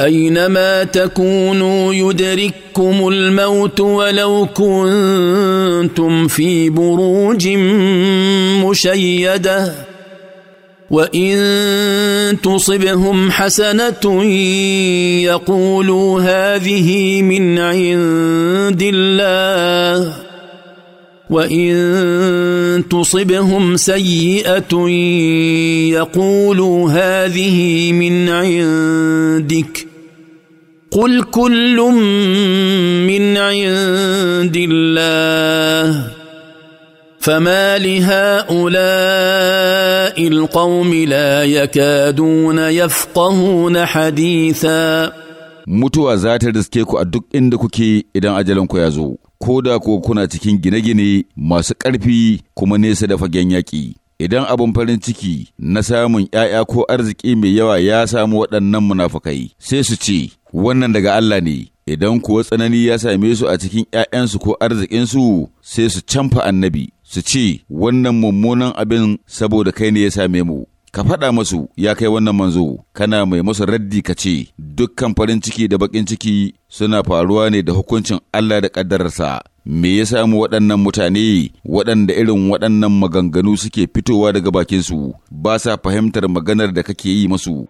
اينما تكونوا يدرككم الموت ولو كنتم في بروج مشيده وان تصبهم حسنه يقولوا هذه من عند الله وان تصبهم سيئه يقولوا هذه من عندك قل كل من عند الله فما لهؤلاء القوم لا يكادون يفقهون حديثا mutuwa za ta riske ku a duk inda kuke idan ajalanku ya zo ko da ko kuna cikin gine-gine masu ƙarfi kuma nesa da fagen yaƙi idan abin farin ciki na samun ‘ya'ya ko arziki mai yawa ya samu waɗannan munafukai sai su ce wannan daga Allah ne, idan kuwa tsanani ya same su a cikin ‘ya'yansu ko arzikinsu sai su canfa annabi, su ce, Wannan mummunan abin saboda kai ne ya same mu. Ka faɗa masu ya kai wannan manzo, kana mai masu raddi ka ce, Dukkan farin ciki da baƙin ciki suna faruwa ne da hukuncin Allah da ƙaddararsa. Me ya samu waɗannan mutane waɗanda irin waɗannan maganganu suke fitowa daga bakinsu, ba sa fahimtar maganar da kake yi masu.